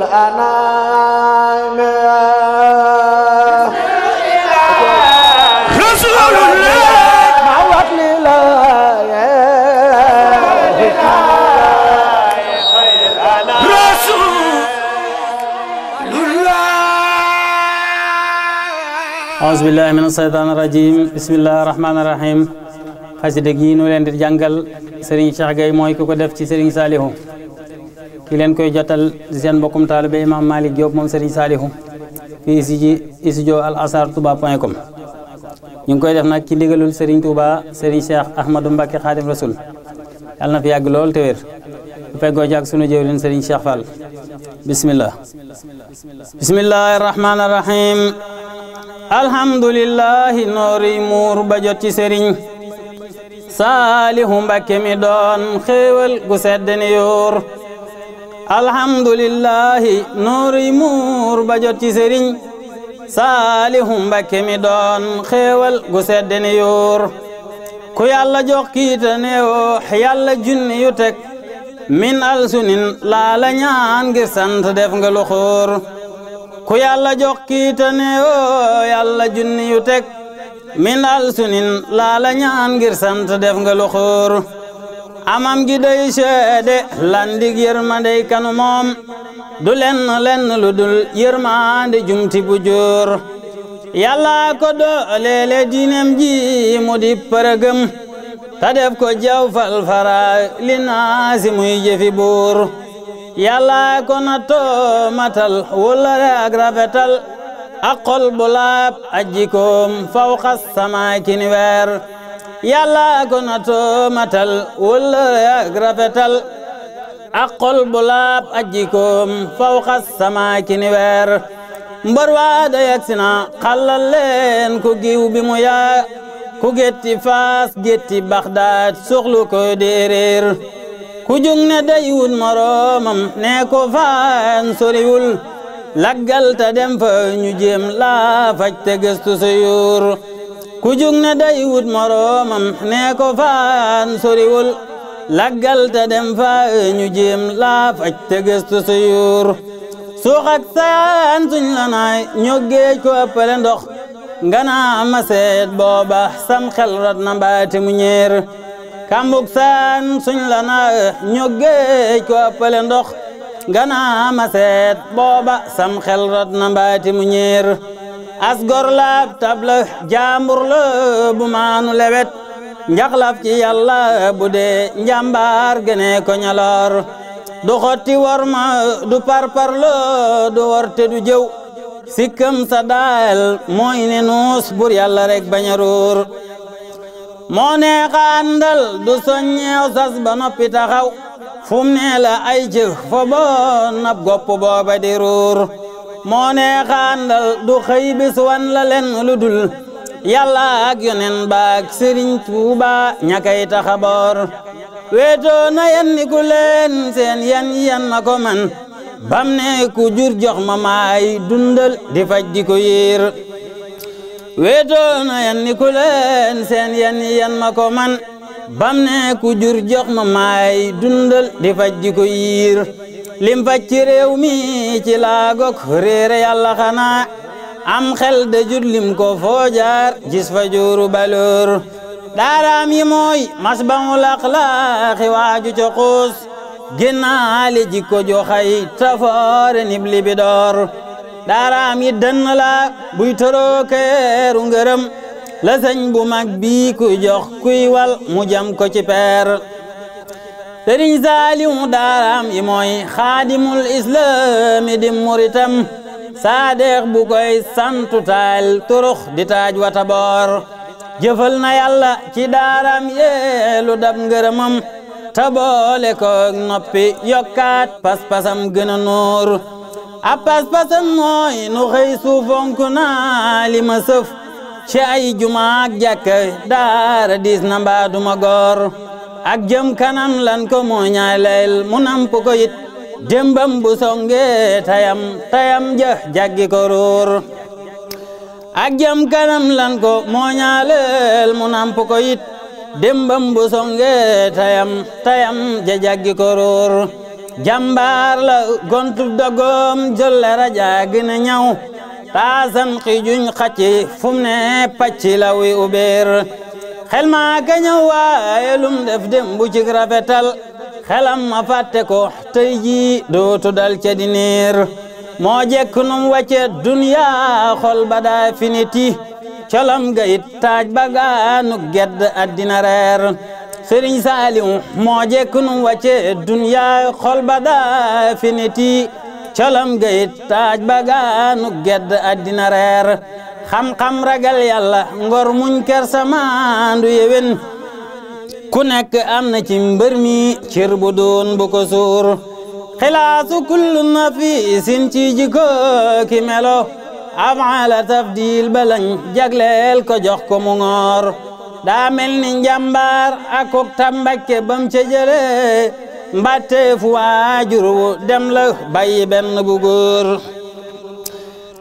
aùzu billaahi mina sheytaani rajiim bismillaahi rahmaani rahiim xasida gi ñu leen di jàngal Serigne Cheikh Gueye mooy ku ko def ci Serigne Salihu ki leen koy jotal seen mbokkum taalibe Imam Malick Diop moom Serigne Salihu fii si ji al azhar touba com ñu koy def nag ci ndigalul Serigne Touba Serigne Cheikh Ahmadou Mbacke Khadim Rasoul yàlla na fi yàgg lool te wér bu feggoo sunu jëwriñ Serigne Cheikh Fall bismillah bismillahi rahmani alhamdulillahi noori muur ba jot ci Serigne Salihu Mbacke mi doon xéewal gu sedd ni yuur alhamdulillahi nuuri muur ba jot ci sëriñ saalihu mbakke mi doon xéewal gu sedd ni ku yàlla jox kiita neewoo yàlla junni yu min alsunin laa ñaan ngir sant def nga lu xóor ku yàlla jox kiita neewoo yàlla junni yu min alsunin laa ñaan ngir sant def nga lu amam gi doy seede landig yërmandey kanu moom du lenn lenn lu dul yërmande jumti bu jur yàlla ko dooleele diinem ji mu di përëgëm ta def ko jaw falfara li naasi muy jëfi buur yàlla na toomatal wulare ak rafetal ak xol bu laab ajjikoom samaakini weer yàlla ko natoo matal wëllëre ak rafetal ak xol bu laab ajjikoom fawqa samaakini weer mbor waa da yegsi na ku giw bi mu yaa ku getti faas getti baxdaat soxlu ko déeréer ku jug ne day wut moroomam ne ko faan soriwul laggal ta dem fa ñu jéem laa faj te gëstu sa yuur ku jug ne day wut moroomam nee ko faan soriwul laggal dem fa ñu jéem laa faj te gëstu su saan suñ la naay ko ëppale ndox ngana ma seet booba sam xel na mbaati mu ñeer kambuk saan suñ la naay ko ëppale ndox ngana ma seet booba sam xel na mbaati mu ñeer asgor laab tabla jaambur la bu maanu lewet njaxlaf ci yàlla bu dee njàmbaar gëne ko ñaloor du xotti war ma du parpar la du worte du jëw sikkam sa daal mooy ne nuus bur yàlla rek bañ a ruur moo neexa àndal du soññeew sas ba noppi taxaw fum ne la ay jëf fa boo nab gopp booba di ruur moo neexaandal du xëy bis wan la leen lu dul yàlla ak yonen baak sëriñ Tuuba ñakay taxaboor weetoo na yen ni ku leen seen yan yan na ko man bam ne ku jox ma maay dundal di faj di ko yiir weetoo na seen yan yan ma ko man bam ne ku jur jox ma maay dundal di faj di lim faj ci réew mi réere yàlla xanaa am xel de jut lim ko foo jaar fa jooru daaraam yi mooy mas ba mu laxlaaxi waaju ca xuus génnaale jikko joxay tafoore nib libidoor daaraam yi dënn la buy torookeeru ngërëm la sëñ bu mag bii kuy jox kuy wal mu jam ko ci peer sëriñ saaliwu daaraam yi mooy xaadimul islaami di muritam saadeex bu koy santutal turux di taaj wataboor jëfal na yàlla ci daaraam yeelu dab ngërëmam taboole koog noppi yokkaat pas-pasam gën a nuur a pas-pasam nu xëy suufonku naa li ma ci ay jumaak jàkka daara diis na mbaa goor ak jëm kanam lan ko moo mu namp ko yit bu songe tayam tayam ja jaggi ko ruur ak jëm kanam lan ko mu namp ko yit bu songe tayam tayam ja jaggi ko la gontu dogoom jolle raja a ñaw taasan xijuñ xacci fum ne pacci la wi xel maa ka ñëw waaye lum def démb ci rafetal xelam ma fàtte ko tey jii dootu dal ca diniir moo xol ba daa finiti colom ga it taaj ba gaanu gedd addina reer sëriñ saaliw moo jekk xol ba daa finiti colom ga it taaj ba gaanu gedd addina xam-xam ragal yàlla ngor muñ ker samaandu yewen ku nekk am na ci mbër mi cër bu doon bu ko suur xilaasu kullu nafisin ci jikko ki melo afaala tafdil balañ jagleel ko jox ko mu ngoor daa mel ni njàmbaar akok tambakke bam ca jële mbatte fu waajur dem la bàyyi benn bu góor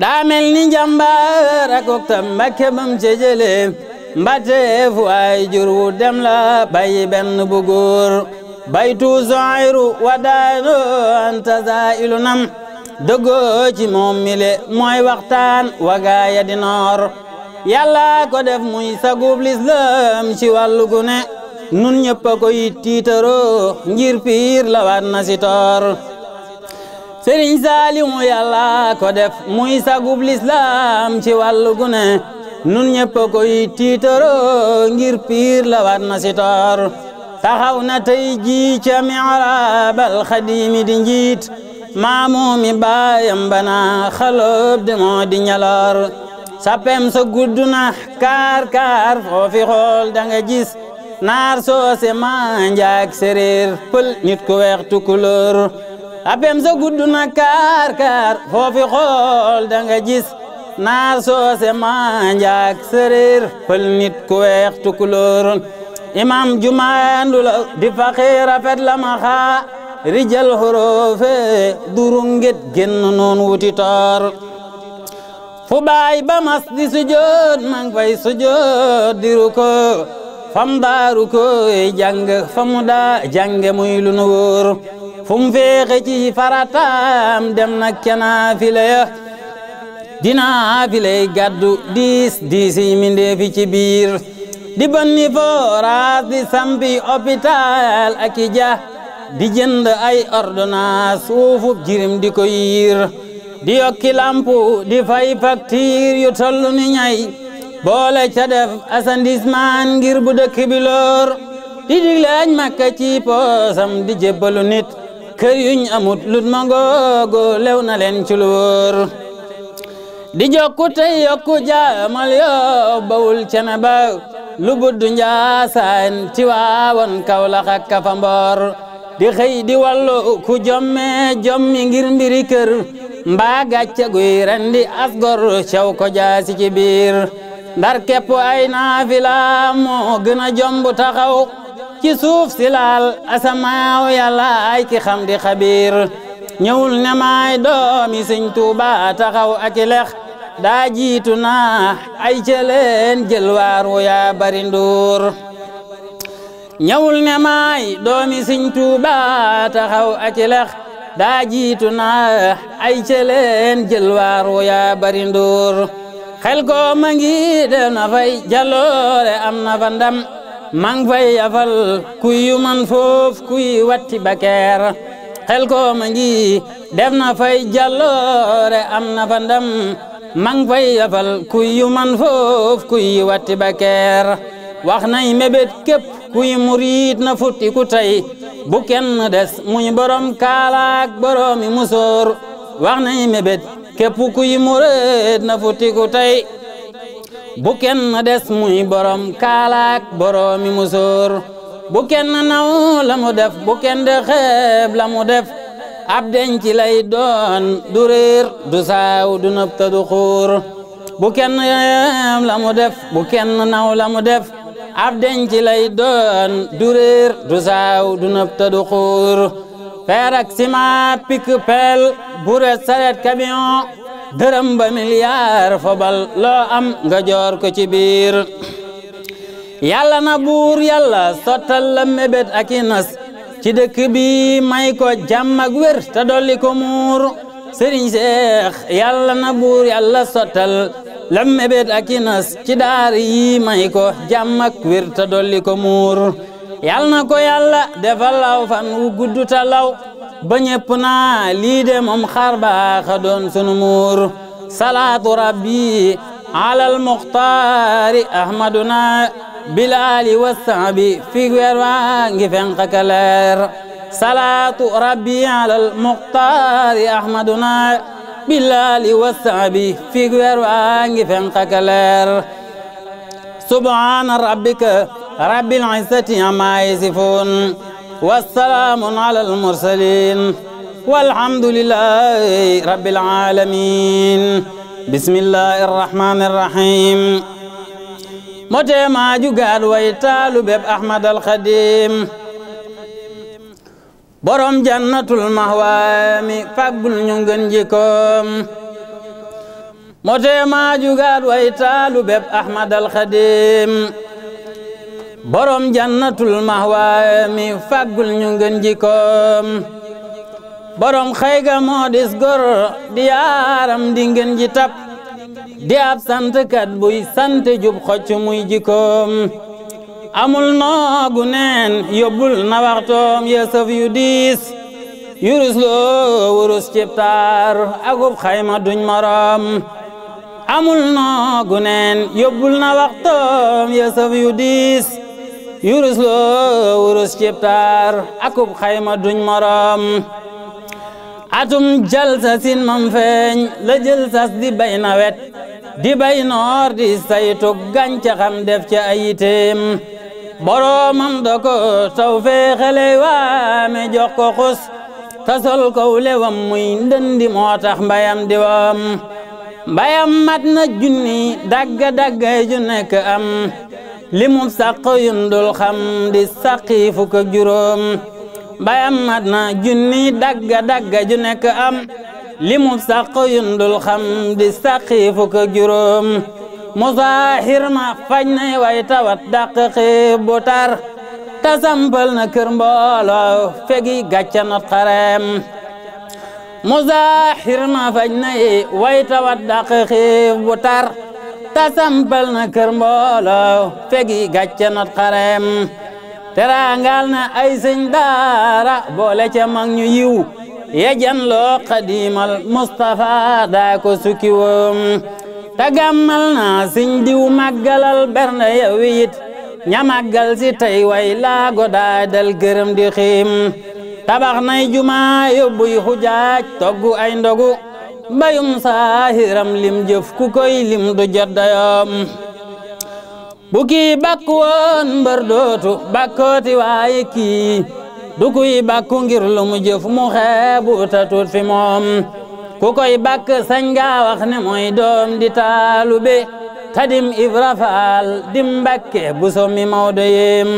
daa ni njàmbaar ak tam Mbàkke bam ca jële mbate fu ay jur wu dem la bayi benn bu góor baytu zoiru wa daano anta zailu nam dëggoo ci moom mile mooy waxtaan wagaaya di noor yàlla ko def muy sagub lislam ci wàllu gune nun ñëpp a koy tiitaroo ngir piir la waat na sëriñ saalimu yàlla ko def muy sagub lislaam ci wàllu gune nun ñëpp koy tiitoro ngir piir la war na si taxaw na tey ji ca mi'raabal xadiimi di njiit maamu mi baayam bana xaloob de moo di ñaloor sappem sa gudd na kaar kaar foofi xool da nga naar soose maa njaag séréer pël nit ku weex tukulóor apem sa gudd kaar kaar foofi xool da nga gis naar soose manjaak sëreer pël nit ku weex tukulóoron imam jumaandu la di faqiir rafet la ma xaa rijal xuroofe durunget genn noon wuti fu baay ba mas di sujood mang fay sujood di fam daaru ko jàng daa jànge muy lu nu wóor fum feexe ci farataam dem nag ca naafile ya dinaa fi diis diis yi mindeefi ci di banni fooraas di sampi hôpital ak i di jënd ay ordonnance suufub jirim di ko di yokki lampu di fay facture yu tollu ni ñay boole ca def assainissement ngir bu dëkk bi di digle añ makka ci di jébbalu nit kër yuñ amut lut ma lew na leen ci lu wóor di jokku tey yokku jaamal yoo bawul cene ba lu buddu njaasaan ci waawoon kawlax ak kafa mboor di xëy di wallu ku jomme jommi ngir mbiri kër mbaa guy rendi asgor cew ko jaasi ci biir ndar képp ay naafila moo gën a jomb taxaw ci suuf si laal asamaaw yàlla ay ki xam di xabiir ñëwul ne maay doomi sëñ Tuuba taxaw ak daa jiitu na ay celeen jël waar wu yaa bari nduur ñëwul ne maay doomi sëñ Tuuba taxaw ak daa jiitu na ay celeen jël waar wu bari nduur xel ko ma ngi na fay jaloore am na fa ndam mang fay yafal kuy yu foof kuy watti bakeer xel ko ma ngi def na fay jàlloore am na fa mang fay yafal kuy yu foof kuy watti bakeer wax nay mébét képp kuy murit na futti ku tey bu kenn des muy borom kaalaak boroomi musóor wax nay mébét képp kuy murit na futti ku tey bu kenn des muy borom kaalaak boroomi musóor bu kenn naw lamu mu def bu kenn de mu def ab denc lay doon du du saaw du nëb te du xuur bu def bu kenn naw la mu def ab denc lay doon du du saaw du nëb te du xuur feer ak peel bure saret camion dërëm ba miliyaar fobal loo am nga joor ko ci biir yàlla na buur yàlla sottal la mébét ak i ci dëkk bi may ko jàmm ak wér te dolli ko muur sëriñ seex yàlla na buur yàlla sottal la mébét ak i ci daar yi may ko jàmm ak wér te dolli ko muur yàlla na ko yàlla defal law fan wu gudd ta law ba ñepp naa lii de moom xar baax a doon sunu muur salaatu rabbi alal muxtaari ahmaduna bilaali wasaabi fi weer waa ngi fenq ka leer salaatu rabbi alal muxtaari ahmaduna bilaali wasaabi fi weer waa ngi fenq ka leer subhaana rabbika rabbil izzati ammaa yasifuun wasalaamun ala almursalin walhamdulilahi rabbil alamin bismillahi arrahmani arrahim motee maaju gaad way taalu beb ahmad alxadim borom jannatul mahwaami fagbul ñu ngën jikoom motee maaju gaad way taalu beb ahmad alxadim borom jannatul mahwa mi faggul ñu ngën jikoom borom xayga moo dis gor di di ngën ji tap di ab santkat buy sant jub xocc muy jikoom amul noogu neen yóbbul na waxtoom yësëf yu diis yurus loo wurus ciptaar agub xayma duñ morom amul noogu neen yóbbul na waxtoom yësëf yu diis yurus loo wurus ci akub xayma duñ morom atum jalsa mam feeñ la jël di bay nawet di bay noor di saytu gàncaxam def ci ayiteem boromam da ko taw fee xele waame jox ko xus tasol kow lewam muy ndëndi moo tax mbayam diwam mbayam mat na junni dagga daggay ju nekk am li mu sàq yum dul xam di sàqi fukk ak juróom bayam mat na junni dagga dagga ju nekk am li mu sàq xam di sàqi fukk ak juróom musaahir ma faj nay way tawat dàq xiib bu tar tasampal na kër mbooloo fegi gàcca not xareem musaahir ma faj nay way tawat dàq xiib bu tar ta sampal na kër mbooloo fegi gàcce not xarem teraangal na ay sëñ daara boole ca mag ñu yiw yejan loo xadimal Mustafa daa ko ta gàmmal na sëñ diw màggalal bernde yow it ña màggal si tey way laago daa dal gërëm di xiim tabax nay jumaa yóbbuy xujaaj togg ay ndogu mbayum saahiram lim jëf ku koy lim du jot dayoom bu kii bàkk woon mbër dootu bàkkooti waaye kii du kuy bàkku ngir lu jëf mu xeebu tatut fi moom ku koy bàkk sañ wax ne mooy doom di taalube tadim ibra faal di mbàkke bu somi mawdo yem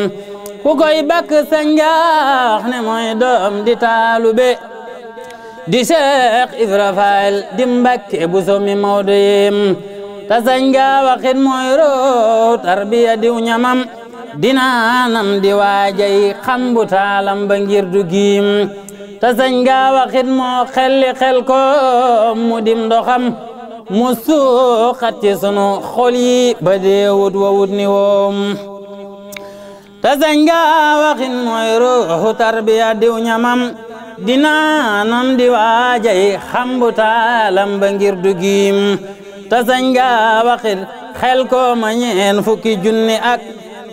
ku koy bàkk sañ wax ne mooy doom di taalube di Cheikh Ibra Fall di Mbakke bu somi Maodo ta sañga waxin mooy roo tarbiya diw ñamam dinaanam di waajay xam bu ba ngir du giim ta sañga waxin moo xelli xel mu dim ndoxam mu suuxat ci sunu xol yi ba deewut wawut ni woom ta sañga waxin mooy roo tarbiya diw ñamam di naanam di waajay xambu taalam ngir dugim te sañ ngaa waxit xel ko fukki junni ak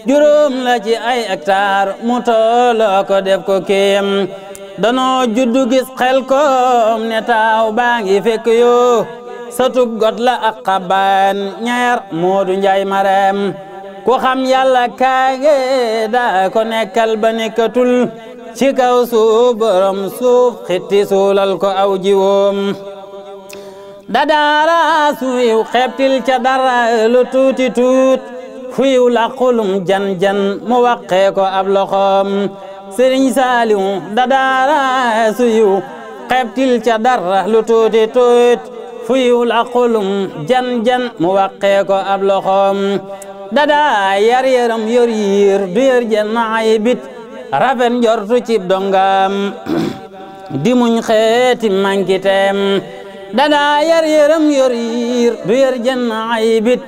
juróom la ci ay hectare mu tooloo ko def ko kéem danoo juddu gis xel koom ne taaw baa fekk yoo satub got la ak xabaan ñaar moodu njaay mareem ku xam yàlla kaage daa ko nekkal ba nekkatul ci kaw suuf borom suuf xitti suulal ko aw jiwoom dadaara suyiw xeptil ca dara lu tuuti tuut fuyiw laqulum jan jan mu waqee ko ab loxoom sëriñ saaliw dadaara suyiw xeptil ca dara lu tuuti tuut fuyiw laqulum jan jan mu waqee ko ab loxoom dadaa yar yaram yor yiir du naay bit rafet njortu cib dongam di muñ xeeti mankiteem dana yar yërëm yor yiir du yar jenn ayibit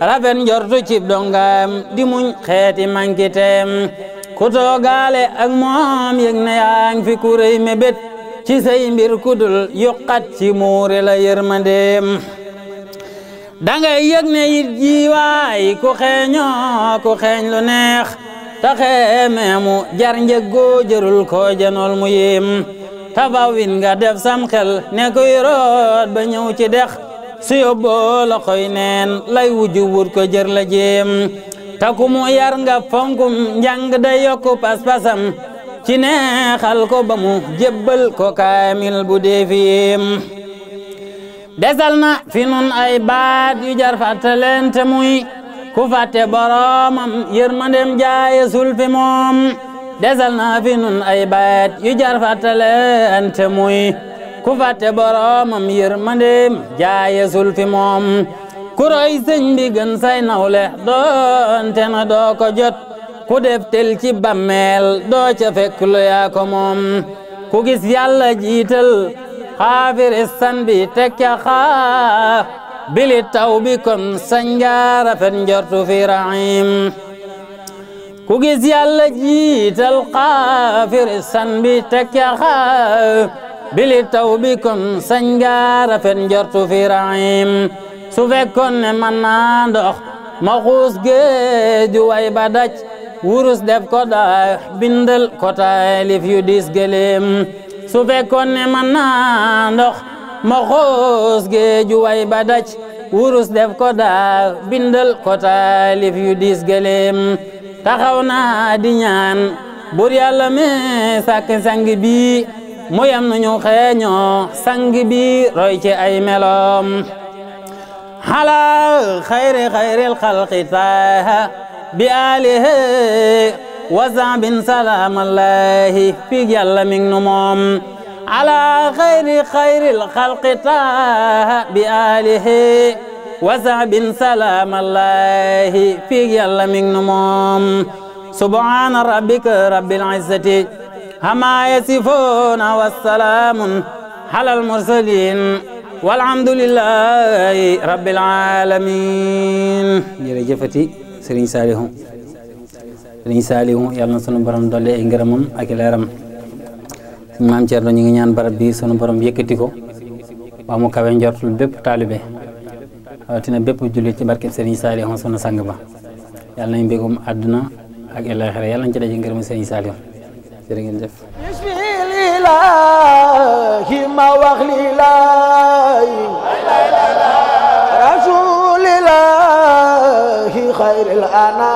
rafet njortu cib dongam di muñ xeeti mankiteem ku ak moom yëg na yaa fi kuréy mébét ci say mbir kudul yuqat ci muure la yërmandeem dangay yëg ne yit jiiwaay ku xeeñoo ku xeeñ lu neex taxee meemu jar njëggoo jërul koo janool mu yéem tabawin nga def sam ne koy root ba ñëw ci dex su yóbboo la koy neen lay wuju wut ko jër la jéem taku mu yar nga fonkum njàng da yokku pas-pasam ci neexal ko ba mu jébbal ko kaamil bu deefi desal na fi nun ay baat yu jar fàttalente muy ku fàtte boroomam yërmandeem jaayesul fi moom desal naa nun ay bayet yu jar fàttalente muy ku fàtte boroomam yërmandeem jaayesul fi moom ku roy sëñ bi gën say nawle doonte na doo ko jot ku def ci bammeel doo fekk lu yaa moom ku gis yàlla jiital xaafir istan bi tekka xaaf bili taw bi kon sanja rafet njortu fi raxiim ku gis yàlla jiital xaafir san bi teg ya xaa bili taw bi kon sanja rafet njortu fi raxiim su fekkoon ne man naa ndox ma xuus géej way ba wurus def ko daay bindal ko taalif yu diis gëléem su fekkoon ne man ndox ma xoos géeju way ba daj wurus def ko daa bindal ko taalif yu diis gëléem taxaw naa di ñaan bur yàlla me sàkk sang bi mu yam nañu xeeñoo sang bi roy ci ay meloom xala xayri xayril xalqi taaha bi alihi wa saabin salaamallahi fi yàlla mi nu moom على خير خير الخلق طه بآله وسعب سلام الله فيك يلا من نموم سبحان ربك رب العزة هما يصفون والسلام على المرسلين والحمد لله رب العالمين jërëjëfati Serigne Saliou Serigne Saliou yàlla na sunu borom doole ay ngërëmam ak leeram maam Thierno ñu ngi ñaan barab bi sunu borom yëkkati ko ba mu kawe njortul bépp taalibe rawatina bépp jullit ci barkeb Serigne Saliou sunu sang ba yàlla nañu mbégum àdduna ak àllaaxira yàlla nañu ci daje ngërëmu Serigne Saliou jërë ngeen jëf